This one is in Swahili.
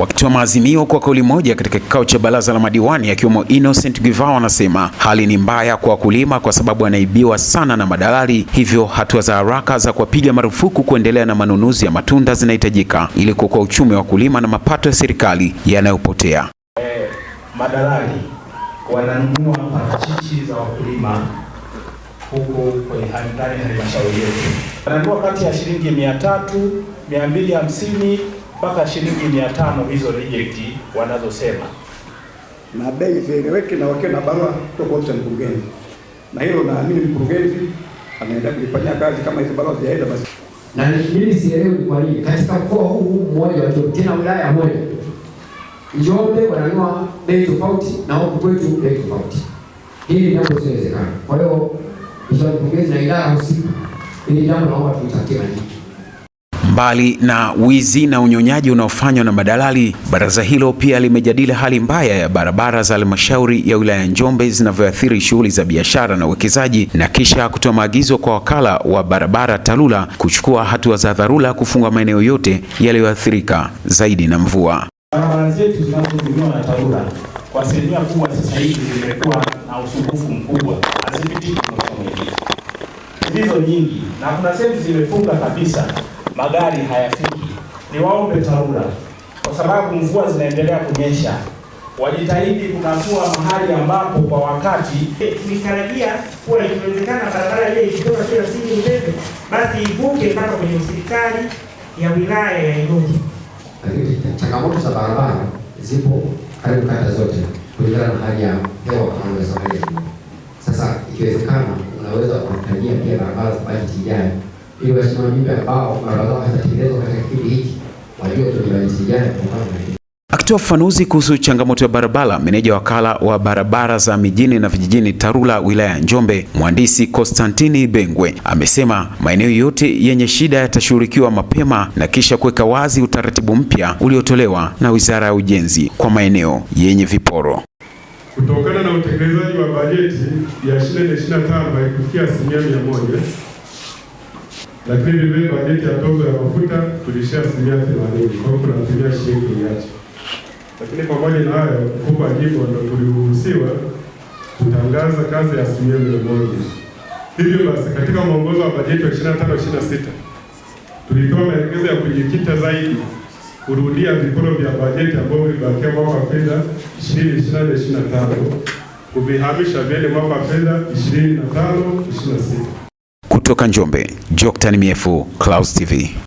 wakitoa maazimio kwa kauli moja katika kikao cha baraza la madiwani, akiwemo Innocent Givao, wanasema hali ni mbaya kwa wakulima kwa sababu wanaibiwa sana na madalali, hivyo hatua za haraka za kuwapiga marufuku kuendelea na manunuzi ya matunda zinahitajika ili kuokoa uchumi wa wakulima na mapato ya serikali yanayopotea. Eh, madalali wananunua parachichi za wakulima huku kwenye ndani ya halmashauri yetu, wananunua kati ya shilingi mia tatu mia mbili hamsini mpaka shilingi mia tano hizo rejecti wanazosema, na bei zieleweke na wakiwa na barua kutoka mkurugenzi, na hilo naamini mkurugenzi anaenda kulifanyia kazi. Kama hizo barua zijaenda basi na nisubiri, sielewi kwa nini katika mkoa huu mmoja wa tena wilaya moja Njombe wananua bei tofauti na huku kwetu bei tofauti, hili jambo siwezekana. Kwa hiyo mkurugenzi na idara husika, hili jambo naomba tulitakiwa nini Mbali na wizi na unyonyaji unaofanywa na madalali, baraza hilo pia limejadili hali mbaya ya barabara za halmashauri ya wilaya Njombe zinavyoathiri shughuli za biashara na uwekezaji na kisha kutoa maagizo kwa wakala wa barabara TARURA kuchukua hatua za dharura kufunga maeneo yote yaliyoathirika zaidi na mvua. Barabara zetu zinazotumiwa na TARURA kwa asilimia kubwa sasa hivi zimekuwa na usumbufu mkubwa, hazipitiki hizo nyingi, na kuna sehemu zimefunga kabisa magari hayafiki. Niwaombe TARURA, kwa sababu mvua zinaendelea kunyesha, wajitahidi kunatua mahali ambapo kwa wakati tulitarajia kuwa ikiwezekana barabara ile ikitoka kila siku Mbembe basi ivuke mpaka kwenye hospitali ya wilaya ya Igungi. Lakini changamoto za barabara zipo karibu kata zote kulingana na hali ya hewa. Sasa ikiwezekana ili wasimamizi ambao katika kipindi hiki wajue Akitoa ufafanuzi kuhusu changamoto ya barabara, meneja wakala wa barabara za mijini na vijijini TARURA wilaya ya Njombe, mhandisi Konstantini Bengwe amesema maeneo yote yenye shida yatashughulikiwa mapema na kisha kuweka wazi utaratibu mpya uliotolewa na Wizara ya Ujenzi kwa maeneo yenye viporo. Kutokana na utekelezaji wa bajeti ya 2025 haikufikia asilimia mia lakini vile bajeti ya tozo ya mafuta tulishia asilimia themanini, kwa hiyo kuna asilimia ishirini Lakini pamoja na hayo, mfuko wa jimbo ndo tuliruhusiwa kutangaza kazi ya asilimia mia moja. Hivyo basi, katika mwongozo wa bajeti wa 25 sita tulitoa maelekezo ya kujikita zaidi kurudia vikoro vya bajeti ambayo vilibakia mwaka wa fedha 2024 25 kuvihamisha vyele mwaka wa fedha 25 sita. Kutoka Njombe, Joctan Myefu, Clouds TV.